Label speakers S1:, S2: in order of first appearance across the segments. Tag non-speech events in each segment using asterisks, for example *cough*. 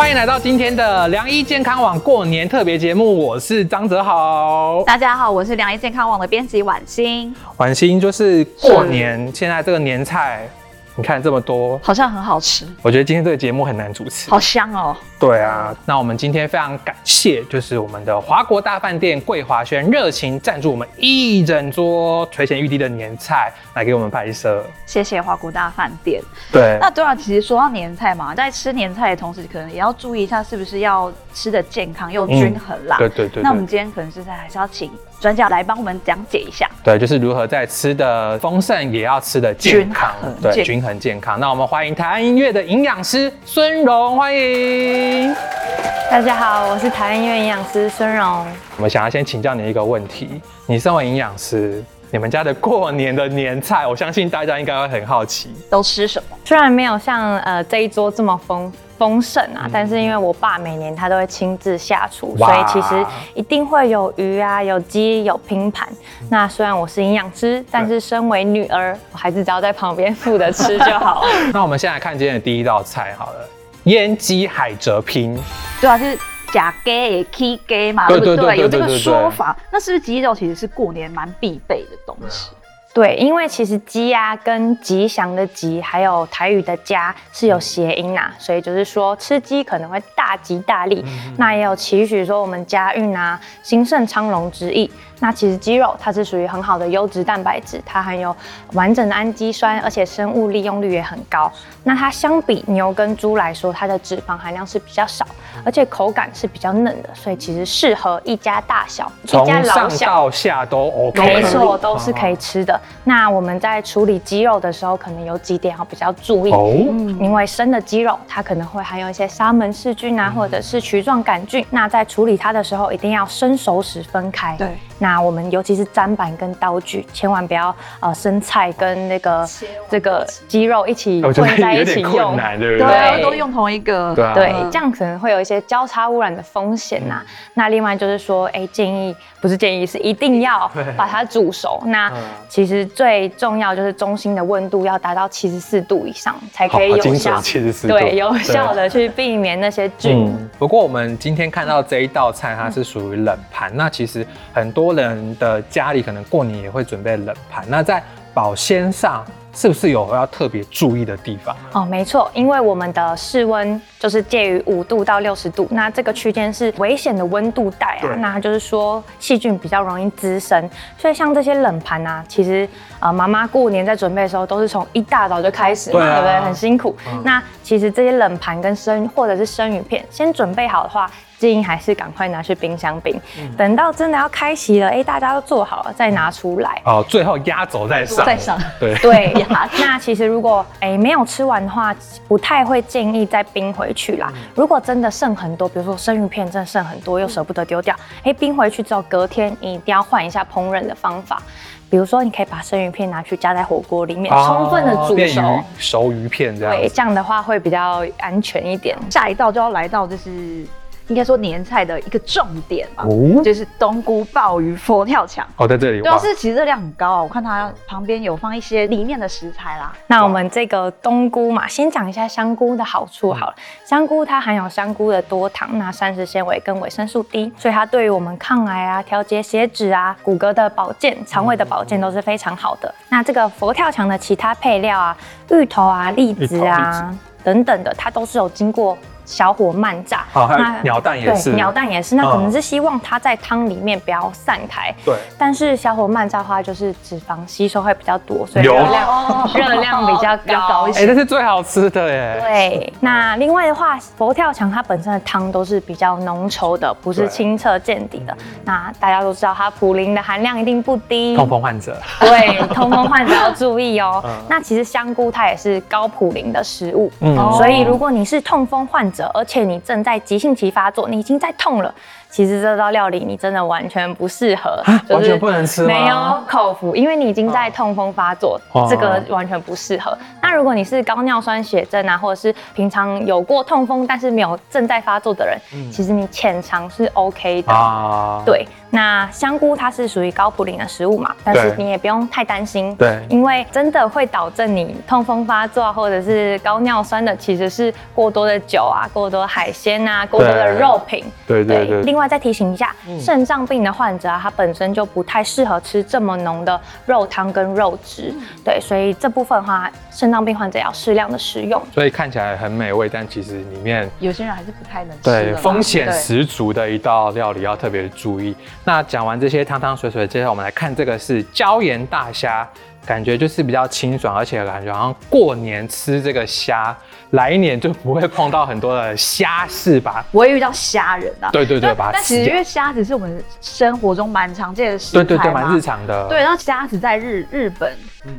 S1: 歡迎來到今天的良醫健康網過年特別節目，我是張哲豪。
S2: 大家好，我是良醫健康網的編輯宛欣。
S1: 宛欣，就是過年是現在這個年菜。你看這麼多，好像很好吃。我覺得今天這個節目很難主持。好香哦。對啊，那我們今天非常感謝，就是我們的華國大飯店桂華軒熱情贊助我們一整桌垂涎欲滴的年菜來給我們拍攝。
S2: 謝謝華國大飯店。對，那對啊，其實說到年菜嘛，在吃年菜的同時，可能也要注意一下是不是要吃的健康又均衡啦。嗯，對，對對對。那我們今天可能是在還是要請。專家來幫我們講解一下，
S1: 對，就是如何在吃的豐盛，也要吃的健康均衡健康，對，均衡，均衡健康。那我們歡迎臺安醫院的營養師孫榕，歡迎。大家好，我是臺安醫院營養師孫榕。我們想要先請教你一個問題，你身為營養師，你們家的過年的年菜，我相信大家應該會很好奇，都吃什麼？
S3: 雖然沒有像呃這一桌這麼豐。豐盛啊！但是因為我爸每年他都會親自下廚，所以其實一定會有魚啊、有雞、有拼盤。那雖然我是營養師，但是身為女兒，嗯、我還是只要在旁邊負責吃就好。
S1: *laughs* *laughs* 那我們先來看今天的第一道菜好了，醃 *laughs* 雞海蜇拼。
S2: 對啊，是假 Gay 起 Gay 嘛，對不對？有這個說法，那是不是雞肉其實是過年蠻必備的東西？
S3: 對，因為其實雞啊跟吉祥的吉，還有台語的家是有諧音啊，嗯、所以就是說吃雞可能會大吉大利，嗯嗯，那也有期許說我們家運啊興盛昌隆之意。那其實雞肉它是屬於很好的優質蛋白質，它含有完整的氨基酸，而且生物利用率也很高。那它相比牛跟豬來說，它的脂肪含量是比較少，而且口感是比較嫩的，所以其實適合一家大小，一家老小，從上到
S1: 下都 OK，沒錯，欸、是都是可以
S3: 吃的。哦、那我們在處理雞肉的時候，可能有幾點要比較注意，哦、因為生的雞肉它可能會含有一些沙門氏菌啊、嗯，或者是曲狀桿菌。那在處理它的時候，一定要生熟食分開。對。那我們尤其是砧板跟刀具，千萬不要呃生菜、跟那個這個雞肉一起混在一起用對對對，對，都用同一個，對、啊對嗯，這樣可能會有一些交叉污染的風險吶、啊嗯。那另外就是說，哎、欸，建議不是建議，是一定要把它煮熟。那其實最重要就是中心的溫度要達到七十四度以上才可以有效、有效，對，有效的去避免那些菌、啊。嗯。
S1: 不過我們今天看到這一道菜，它是屬於冷盤。嗯。那其實很多人的家裡可能過年也會準備冷盤，那在保鮮上。是不是有要特別注意的地方？
S3: 哦，沒錯，因為我們的室溫就是介於五度到六十度，那這個區間是危險的溫度帶啊。那就是說細菌比較容易滋生，所以像這些冷盤啊，其實呃，媽媽過年在準備的時候都是從一大早就開始嘛對、啊，對不對？很辛苦。嗯、那其實這些冷盤跟生或者是生魚片，先準備好的話，建議還是趕快拿去冰箱冰、嗯，等到真的要開席了，哎、欸，大家都做好了再拿出來。嗯、
S1: 哦，最後壓軸再上。再上，對
S3: 對 *laughs* 那其實如果哎、欸、沒有吃完的話，不太會建議再冰回去啦、嗯。如果真的剩很多，比如說生魚片真的剩很多又捨不得丟掉，哎、嗯欸，冰回去之後隔天你一定要換一下烹飪的方法，比如說你可以把生魚片拿去加在火鍋裡面、哦，充分的煮熟
S1: 熟魚片這樣。對，這樣
S3: 的話會比較安全一點。
S2: 下一道就要來到就是。應該說年菜的一個重點吧，哦、就是冬菇、鮑魚、佛跳牆。
S1: 哦，在這裡對。但、啊、是其
S2: 實熱量很高啊。我看它旁邊有放一些裡面的食材啦。
S3: 那我們這個冬菇嘛，先講一下香菇的好處好了。香菇它含有香菇的多糖，那膳食纖維跟維生素 D，所以它對於我們抗癌啊、調節血脂啊、骨骼的保健、腸胃的保健都是非常好的。嗯、那這個佛跳牆的其他配料啊，芋頭啊、栗子啊、栗子啊栗子等等的，它都是有經過。小火慢炸，哦、那鳥蛋也是、嗯，鳥蛋也是，那可能是希望它在湯裡面不要散開。對、嗯，但是小火慢炸的話，就是脂肪吸收會比較多，所以熱
S2: 量熱、哦、量
S3: 比較高一些。哎、欸，這是
S1: 最好吃的哎。對，
S3: 那另外的話，佛跳牆它本身的湯都是比較濃稠的，不是清澈見底的。那大家都知道，它普林的含量一定不低。痛風患者，對，痛風患者要注意哦。嗯、那其實香菇它也是高普林的食物，嗯、所以如果你是痛風患者，而且你正在急性期發作，你已經在痛了。其實這道料理你真的完全不適合，完全不能吃，沒有口福，因為你已經在痛風發作，這個完全不適合。那如果你是高尿酸血症啊，或者是平常有過痛風但是沒有正在發作的人，其實你淺嘗是 OK 的。對，那香菇它是屬於高普林的食物嘛，但是你也不用太擔心，對，因為真的會導致你痛風發作或者是高尿酸的，其實是過多的酒啊，過多的海鮮啊，過多的肉品。對
S1: 對對。另另
S3: 外再提醒一下，嗯、腎臟病的患者啊，他本身就不太適合吃這麼濃的肉湯跟肉汁，嗯，對，所以這部分哈，腎臟病患者要適量的食用。
S1: 所以看起來很美味，但其實裡面
S2: 有些人還是不太能吃。對，風險十
S1: 足的一道料理要特別注意。那講完這些湯湯水水，接下來我們來看這個是椒鹽大蝦，感覺就是比較清爽，而且感覺好像過年吃這個蝦。來一年就不會碰到很多的蝦，是吧？不會遇到蝦人啊！對對對吧？但其實因為
S2: 蝦子是我們生活中蠻常見的食材嘛。對對對，蠻日
S1: 常的。對，然
S2: 後蝦子在日日本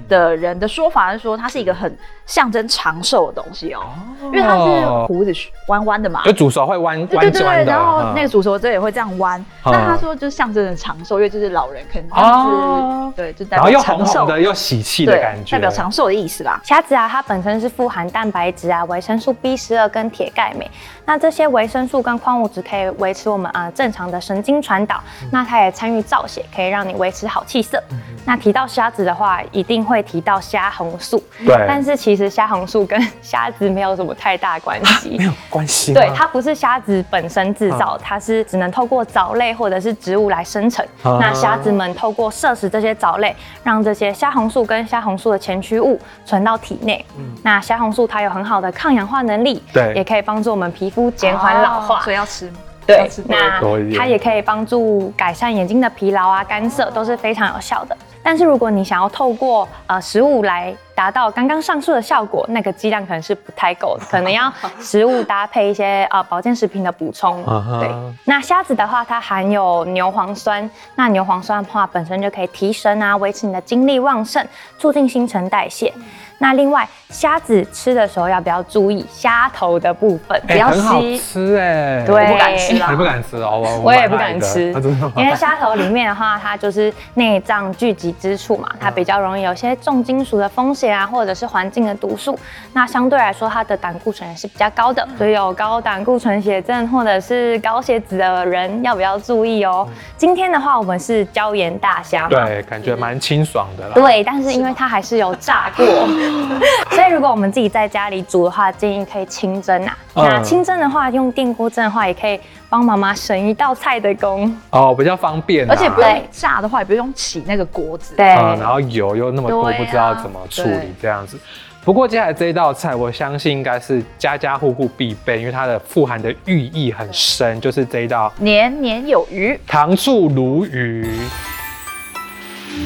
S2: 的人的說法是說，它是一個很象徵長壽的東西喔。哦，因為它是鬍子彎彎的嘛，就煮熟
S1: 會彎彎，對對對，彎彎，然後那個
S2: 煮熟之後也會這樣彎，嗯。那他說就象徵着長壽，因為就是老人肯定。哦，對，就代表，然後又紅紅
S1: 的又喜氣的感覺，代表長
S3: 壽的意思啦。蝦子啊，它本身是富含蛋白質啊。維生素 B 十二跟鐵鈣鎂，那這些維生素跟礦物質可以維持我們啊正常的神經傳導、嗯。那它也參與造血，可以讓你維持好氣色、嗯。那提到蝦子的話，一定會提到蝦紅素。對。但是其實蝦紅素跟蝦子沒有什麼太大關係，沒
S1: 有關係。對，它
S3: 不是蝦子本身製造、啊，它是只能透過藻類或者是植物來生成。啊、那蝦子們透過攝食這些藻類，讓這些蝦紅素跟蝦紅素的前驅物存到體內、嗯。那蝦紅素它有很好的。抗氧化能力，對，也可以幫助我們皮膚減緩老化、哦，所以要吃，對，對，對，那它也可以幫助改善眼睛的疲勞啊、乾澀，都是非常有效的。但是如果你想要透過、呃、食物來達到剛剛上述的效果，那個劑量可能是不太夠的，可能要食物搭配一些、 *laughs* 呃、保健食品的補充、啊。對，那蝦子的話，它含有牛磺酸，那牛磺酸的話本身就可以提神啊，維持你的精力旺盛，促進新陳代謝。嗯那另外，蝦子吃的時候要不要注意蝦頭的部分比較稀？哎、欸，很好
S1: 吃哎、欸，對，我不敢吃，誰、欸、不敢吃哦、喔？我也不敢吃， *laughs* 因為蝦頭
S3: 裡面的話，它就是內臟聚集之處嘛，它比較容易有些重金屬的風險啊，或者是環境的毒素、嗯。那相對來說，它的膽固醇也是比較高的，嗯、所以有高膽固醇血症或者是高血脂的人要不要注意哦、喔嗯？今天的話，我們是椒鹽大蝦，對，
S1: 感覺蠻清爽的啦。對，
S3: 但是因為它還是有炸過。 *laughs* *laughs* 所以如果我們自己在家裡煮的話，建議可以清蒸啊。嗯、那清蒸的話，用電鍋蒸的話，也可以幫媽媽省一道菜的工
S1: 哦，比較方便、啊。而且不用
S2: 炸的話，也不用起那個鍋子。對。嗯、
S1: 然後油又那麼多、啊，不知道怎麼處理這樣子。不過接下來這一道菜，我相信應該是家家戶戶必備，因為它的富含的寓意很深，就是這一道對
S2: 年年有餘——
S1: 糖醋鱸魚。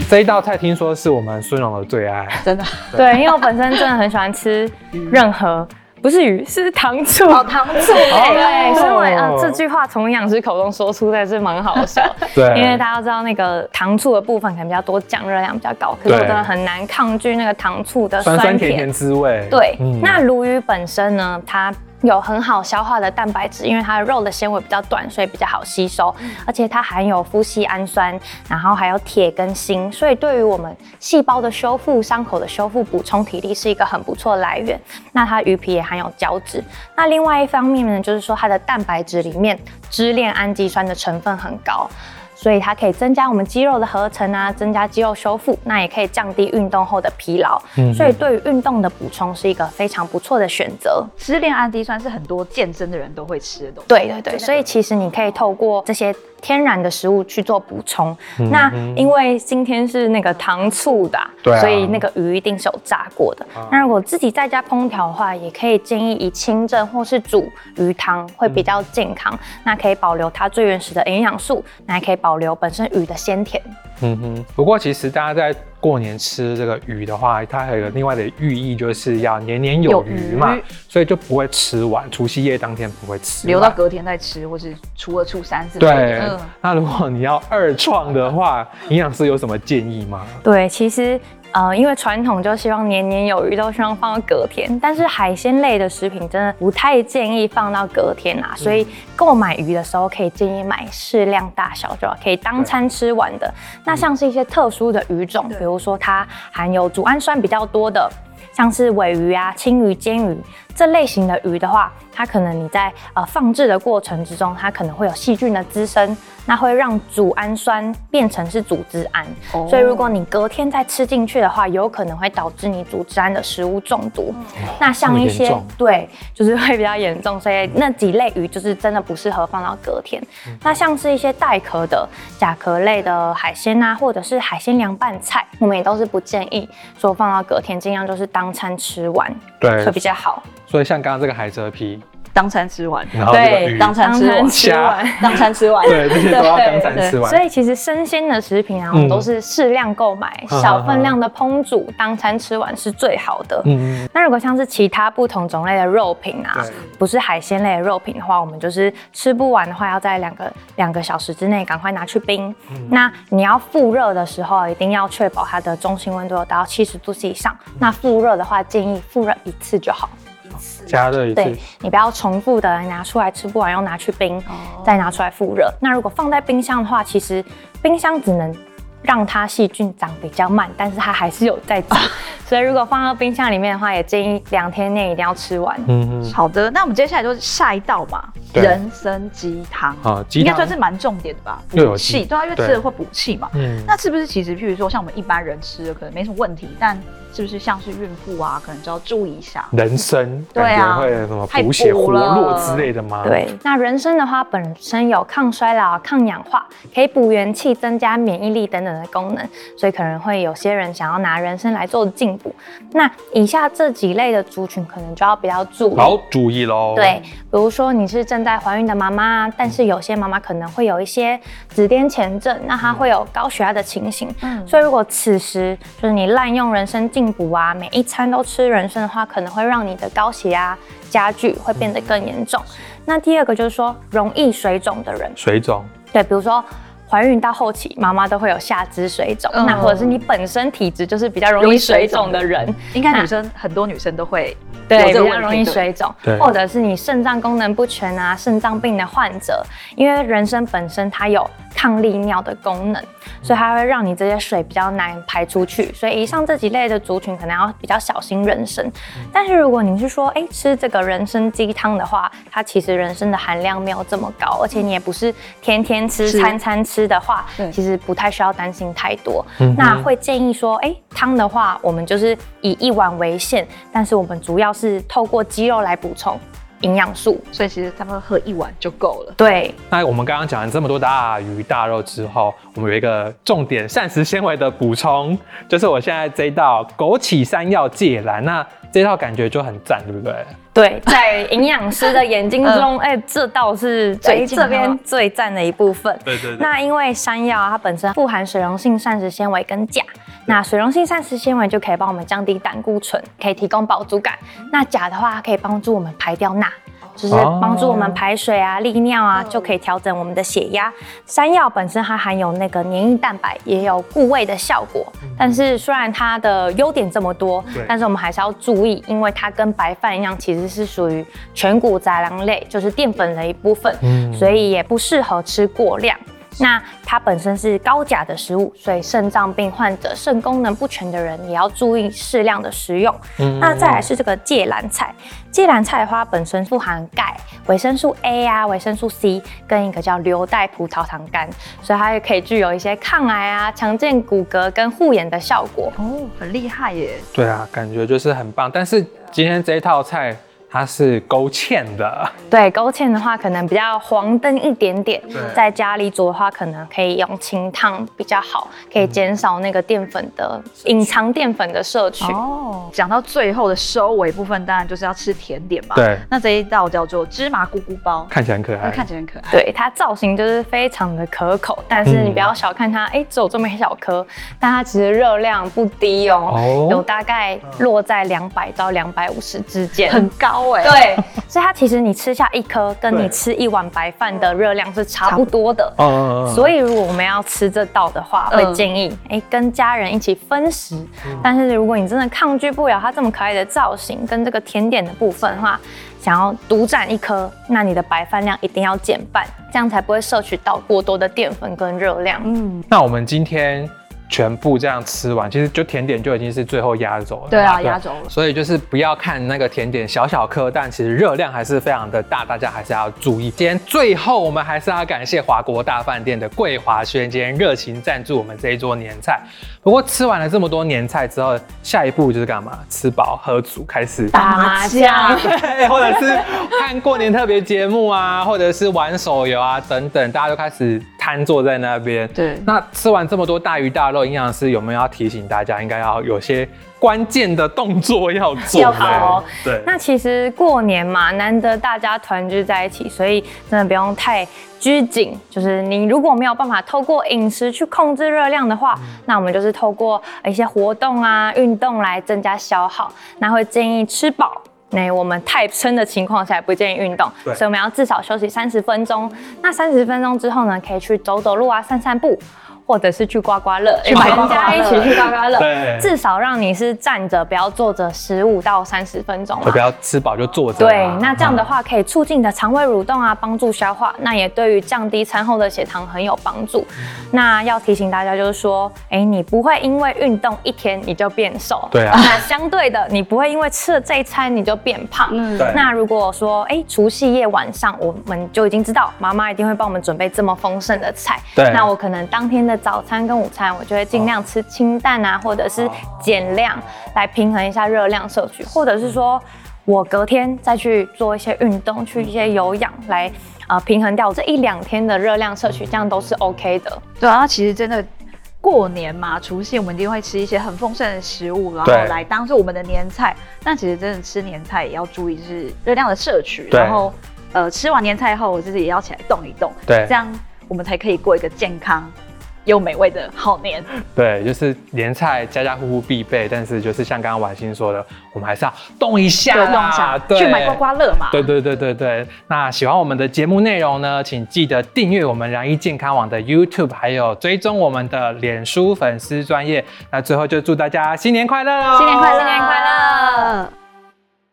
S1: 這一道菜聽說是我們孫榕的最愛，真的。對，因為我
S3: 本身真的很喜歡吃，任何不是魚是糖醋。哦，糖醋。哦、對，對，對，所為，嗯，這句話從營養師口中說出來，是蠻好笑。對，因為大家都知道那個糖醋的部分可能比較多，降熱量比較高，可是我真的很難抗拒那個糖醋的酸甜酸，酸甜甜滋味。對，嗯、那鱸魚本身呢，它。有很好消化的蛋白質，因為它的肉的纖維比較短，所以比較好吸收，嗯、而且它含有麩醯胺酸，然後還有鐵跟鋅，所以對於我們細胞的修復、傷口的修復、補充體力是一個很不錯的來源。那它魚皮也含有膠質，那另外一方面呢，就是說它的蛋白質裡面支鏈氨基酸的成分很高。所以它可以增加我們肌肉的合成啊，增加肌肉修復，那也可以降低運動後的疲勞。嗯嗯。所以對於運動的補充是一個非常不錯的選擇。
S2: 支鏈氨基酸是很多健身的人都會吃的東
S3: 西。對對對，所以其實你可以透過這些。天然的食物去做補充，嗯，那因為今天是那個糖醋的。啊，對啊，所以那個魚一定是有炸過的。啊、那如果自己在家烹調的話，也可以建議以清蒸或是煮魚湯，會比較健康，嗯。那可以保留它最原始的營養素，那還可以保留本身魚的鮮甜。
S1: 嗯哼，不過其實大家在過年吃這個魚的話，它還有另外的寓意，就是要年年有餘嘛有餘，所以就不會吃完，除夕夜當天不會吃，留到
S2: 隔天再吃，或是初二、初三是吧？對。那如果
S1: 你要二創的話， *laughs* 營養師有什麼建議嗎？
S3: 對，其實。呃，因為傳統就希望年年有餘，都希望放到隔天。但是海鮮類的食品，真的不太建議放到隔天吶，啊，所以購買魚的時候可以建議買適量大小就可以當餐吃完的。那像是一些特殊的魚種，比如說它含有組氨酸比較多的，像是鮪魚啊、鯖魚、鰹魚。這類型的魚的話，它可能你在呃放置的過程之中，它可能會有細菌的滋生，那會讓組氨酸變成是組織胺、哦，所以如果你隔天再吃進去的話，有可能會導致你組織胺的食物中毒。嗯、那像一些對，就是會比較嚴重，所以那幾類魚就是真的不適合放到隔天。嗯、那像是一些帶殼的甲殼類的海鮮啊，或者是海鮮涼拌菜，我們也都是不建議說放到隔天，盡量就是當餐吃完，對，會比較好。
S1: 所以像剛剛這個海蜇皮，
S3: 當餐吃完，然後對當，當餐吃完，當餐吃完， *laughs* 對，這些都要當餐吃完。所以其實生鮮的食品啊，我、嗯、們都是適量購買、嗯，小分量的烹煮、嗯，當餐吃完是最好的。嗯，那如果像是其他不同種類的肉品啊，不是海鮮類的肉品的話，我們就是吃不完的話，要在兩個兩個小時之內趕快拿去冰。嗯、那你要復熱的時候，一定要確保它的中心溫度達到七十度 C 以上。嗯、那復熱的話，建議復熱一次就好。
S1: 加熱一次，一次，
S3: 你不要重複的拿出來吃不完又拿去冰，哦、再拿出來復熱。那如果放在冰箱的話，其實冰箱只能讓它細菌長比較慢，但是它還是有在長、哦。所以如果放到冰箱裡面的話，也建議兩天內一定要吃完。嗯嗯，好的，那我們接下來就是下一
S2: 道嘛，人參雞湯應該算是蠻重點的吧，補氣，對啊，因為吃了會補氣嘛。嗯，那是不是其實，譬如說像我們一般人吃的，可能沒什麼問題，但。是不是像是孕婦啊？可能就要注意一下
S1: 人參， *laughs* 對啊，會什麼補血活絡之類的嗎？對，那
S3: 人參的話本身有抗衰老、抗氧化，可以補元氣、增加免疫力等等的功能，所以可能會有些人想要拿人參來做進補。那以下這幾類的族群可能就要比較注意，好，注意嘍。對，比如說你是正在懷孕的媽媽，但是有些媽媽可能會有一些子癇前症，那她會有高血壓的情形，嗯，所以如果此時就是你濫用人參進，補啊，每一餐都吃人參的話，可能會讓你的高血壓加劇，會變得更嚴重。嗯。那第二個就是說，容易水腫的人，水腫，對，比如說。懷孕到後期，媽媽都會有下肢水腫、嗯，那或者是你本身體質就是比較容易水腫的，的人，應該女生、啊、很多女生都會對比較容易水腫，或者是你腎臟功能不全啊，腎臟病的患者，因為人參本身它有抗利尿的功能，所以它會讓你這些水比較難排出去，所以以上這幾類的族群可能要比較小心人參。但是如果你是說，哎、欸，吃這個人參雞湯的話，它其實人參的含量沒有這麼高，而且你也不是天天吃、餐餐吃。的話，其實不太需要擔心太多。那會建議說，哎、欸，湯的話，我們就是以一碗為限，但是我們主要是透過雞肉來補充營養素，所以其
S2: 實差不多喝一碗就夠了。
S1: 對，那我們剛剛講了這麼多大魚大肉之後，我們有一個重點膳食纖維的補充，就是我現在這一道枸杞山藥芥藍，那這一道感覺就很讚，對不對？對，
S3: 在營養師的眼睛中，哎、 *laughs* 呃欸，這道是這邊最這邊最讚的一部分。對對,對。那因為山藥它本身富含水溶性膳食纖維跟鉀。那水溶性膳食纖維就可以幫我們降低膽固醇，可以提供飽足感。那鉀的話，它可以幫助我們排掉鈉，就是幫助我們排水啊、oh. 利尿啊，就可以調整我們的血壓。Oh. 山藥本身它含有那個粘液蛋白，也有固胃的效果。Mm -hmm. 但是雖然它的優點這麼多，mm -hmm. 但是我們還是要注意，因為它跟白飯一樣，其實是屬於全谷雜糧類，就是澱粉的一部分，mm -hmm. 所以也不適合吃過量。那它本身是高鉀的食物，所以腎臟病患者、腎功能不全的人也要注意適量的食用。嗯嗯嗯。那再來是這個芥藍菜，芥藍菜花本身富含鈣、維生素 A 啊、維生素 C，跟一個叫硫代葡萄糖苷，所以它也可以具有一些抗癌啊、強健骨骼跟護眼的效果。哦，很厲害耶！
S1: 對啊，感覺就是很棒。但是今天這一套菜。它是勾芡的，
S3: 對，勾芡的話可能比較黃澄一點點。在家裡煮的話，可能可以用清湯比較好，可以減少那個澱粉的隱、嗯、藏澱粉的攝取。哦，
S2: 講到最後的收尾部分，當然就是要吃甜點嘛。對，那這一道叫做芝麻咕咕包，
S1: 看起來很可愛、嗯，看起
S2: 來很可愛。對，它造型就是非常的可口，但是你不要小
S3: 看它，哎、嗯欸，只有這麼小顆，但它其實熱量不低哦，哦，有大概落在兩百到兩百五十之間、嗯，很高。 *laughs* 對，所以它其實你吃下一顆，跟你吃一碗白飯的熱量是差不多的。哦、嗯、所以如果我們要吃這道的話，嗯、我會建議、欸、跟家人一起分食、嗯嗯。但是如果你真的抗拒不了它這麼可愛的造型跟這個甜點的部分的話，想要獨占一顆，那你的白飯量一定要減半，這樣才不會攝取到過多的澱粉跟熱量。
S1: 嗯，那我們今天。全部這樣吃完，其實就甜點就已經是最後壓軸了。對啊，壓軸了。所以就是不要看那個甜點小小顆，但其實熱量還是非常的大，大家還是要注意。今天最後我們還是要感謝華國大飯店的桂華軒，今天熱情贊助我們這一桌年菜。不過吃完了這麼多年菜之後，下一步就是幹嘛？吃飽喝足，開始打麻將， *laughs* 或者是看過年特別節目啊， *laughs* 或者是玩手遊啊等等，大家都開始癱坐在那邊。對，那吃完這麼多大魚大肉，營養師有沒有要提醒大家，應該要有些？關鍵的動作要做，要好、喔、對，那
S3: 其實過年嘛，難得大家團聚在一起，所以真的不用太拘謹。就是你如果沒有辦法透過飲食去控制熱量的話，嗯，那我們就是透過一些活動啊、運動來增加消耗。那會建議吃飽，那我們太撐的情況下也不建議運動。所以我們要至少休息三十分鐘。那三十分鐘之後呢，可以去走走路啊，散散步。或者是去刮刮樂，全、欸、家一起去刮刮樂， *laughs* 至少讓你是站着，不要坐着十五到三十分鐘、啊，就
S1: 不要吃飽就坐着、啊。對、啊，
S3: 那這樣的話可以促進你的腸胃蠕動啊，幫助消化，啊、那也對於降低餐後的血糖很有幫助、嗯。那要提醒大家就是說，哎、欸，你不會因為運動一天你就變瘦，對啊，啊。那相對的，你不會因為吃了這一餐你就變胖，嗯，嗯對。那如果我說，哎、欸，除夕夜晚上，我們就已經知道媽媽一定會幫我們準備這麼豐盛的菜，對，那我可能當天的。早餐跟午餐，我就會盡量吃清淡啊，或者是減量來平衡一下熱量攝取，或者是說我隔天再去做一些運動，去一些有氧來啊、呃、平衡掉這一兩天的熱量攝取，這樣都是 OK 的。對啊，其實
S2: 真的過年嘛，除夕我們一定會吃一些很豐盛的食物，然後來當做我們的年菜。但其實真的吃年菜也要注意，就是熱量的攝取，然後呃吃完年菜以後我自己也要起來動一動，對，這樣我們才可以過一個健康，又美味的好年，
S1: 對，就是年菜家家戶戶必備，但是就是像剛剛婉欣說的，我們還是要動一下，動一下去買刮刮樂嘛。對對對對，對，那喜歡我們的節目內容呢，請記得訂閱我們良醫健康網的 YouTube，還有追蹤我們的臉書粉絲專頁。那最後就祝大家新年快樂，哦，新年快樂，新年快樂。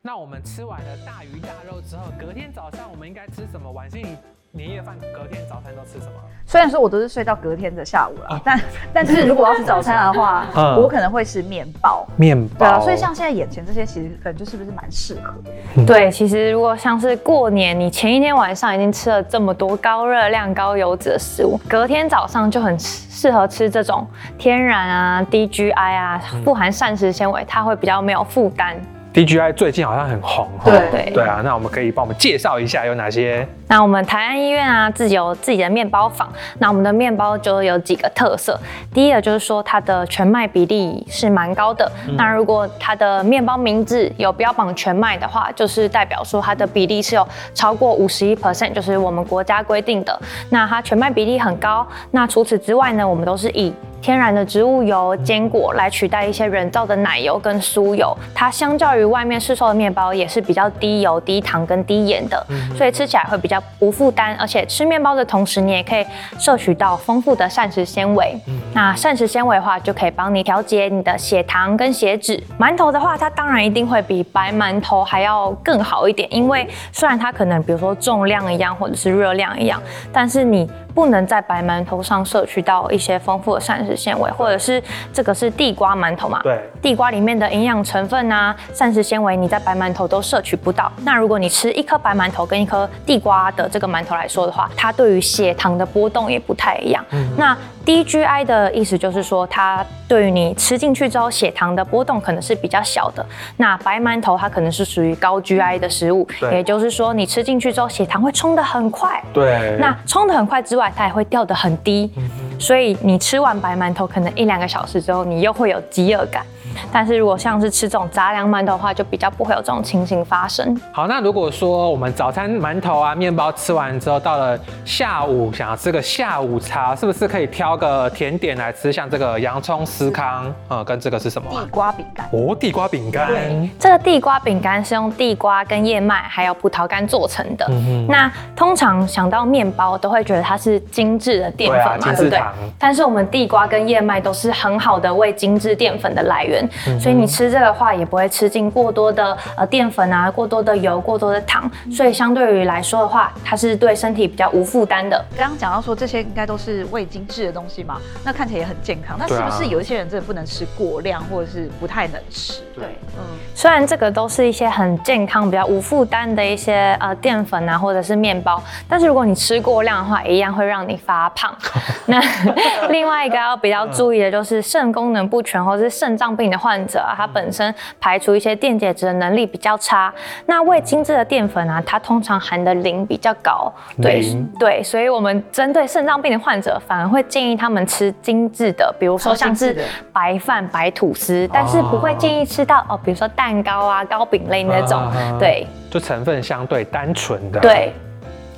S1: 那我們吃完了大魚大肉之後，隔天早上我們應該吃什麼玩？婉欣。年夜飯隔天
S2: 早餐都吃什麼？雖然說我都是睡到隔天的下午了，啊，但、嗯、但是如果要吃早餐的話，嗯，我可能會吃麵包。麵、嗯啊、包，啊，所以像現在眼前這些其實可能就是不是蠻適合，嗯。
S3: 對，其實如果像是過年，你前一天晚上已經吃了這麼多高熱量、高油脂的食物，隔天早上就很適合吃這種天然啊、低 GI 啊、富含膳食纖維，它會比較沒有負擔。
S1: DGI 最近好像很紅哈。對對對，對啊，那我們可以幫我們介紹一下有哪些。
S3: 那我們台安醫院啊，自己有自己的麵包坊。那我們的麵包就有幾個特色，第一個就是說它的全麥比例是蠻高的，嗯。那如果它的麵包名字有標榜全麥的話，就是代表說它的比例是有超過五十一 percent，就是我們國家規定的。那它全麥比例很高。那除此之外呢，我們都是以天然的植物油、堅果來取代一些人造的奶油跟酥油。它相較於外面市售的麵包也是比較低油、低糖跟低鹽的，嗯，所以吃起來會比較不負擔，而且吃麵包的同時，你也可以攝取到豐富的膳食纖維，嗯。那膳食纖維的話，就可以幫你調節你的血糖跟血脂。饅頭的話，它當然一定會比白饅頭還要更好一點，因為雖然它可能比如說重量一樣，或者是熱量一樣，但是你不能在白饅頭上攝取到一些豐富的膳食纖維，或者是這個是地瓜饅頭嘛？對。地瓜裡面的營養成分啊，膳食纖維你在白饅頭都攝取不到。那如果你吃一顆白饅頭跟一顆地瓜的這個饅頭來說的話，它對於血糖的波動也不太一樣。嗯，那低 GI 的意思就是說，它對於你吃進去之後血糖的波動可能是比較小的。那白饅頭它可能是屬於高 GI 的食物，也就是說你吃進去之後血糖會衝得很快。對。那衝得很快之後。外態會掉得很低，所以你吃完白饅頭，可能一兩個小時之後，你又會有飢餓感。但是如果像是吃這種雜糧饅頭的話，就比較不會有這種情形發生。
S1: 好，那如果說我們早餐饅頭啊、麵包吃完之後，到了下午想要吃個下午茶，是不是可以挑個甜點來吃？像這個洋蔥司康，呃、嗯，跟這個是什麼？地瓜餅乾。哦，地瓜餅乾。對，
S3: 這個地瓜餅乾是用地瓜跟、跟燕麥還有葡萄乾做成的。嗯、那通常想到麵包都會覺得它是精緻的澱粉嘛，對不、啊、對？但是我們地瓜跟燕麥都是很好的未精緻澱粉的來源。所以你吃這個的話，也不會吃進過多的呃澱粉啊，過多的油，過多的糖。所以相對於來說的話，它是對
S2: 身體比較無負擔的。剛剛講到說這些應該都是未精製的東西嘛，那看起來也很健康。那是不是有一些人真的不能吃過量，或者是不太能吃對、啊？對，
S3: 嗯。雖然這個都是一些很健康，比較無負擔的一些呃澱粉啊，或者是麵包，但是如果你吃過量的話，一樣會讓你發胖。 *laughs* 那 *laughs* 另外一個要比較注意的就是腎功能不全或是腎臟病。患者、啊、他本身排除一些電解質的能力比較差，嗯、那未精致的澱粉啊，它通常含的磷比較高。對對，所以我們針對腎臟病的患者，反而會建議他們吃精致的，比如說像是白飯、白吐司，但是不會建議吃到哦，哦，比如說蛋糕啊、糕餅類那種、哦，對，
S1: 就成分相對單純的。對。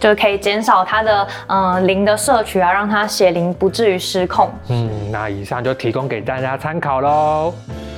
S3: 就可以減少它的嗯磷、呃、的攝取啊，讓它血磷不至於失控。
S1: 嗯，那以上就提供給大家參考嘍。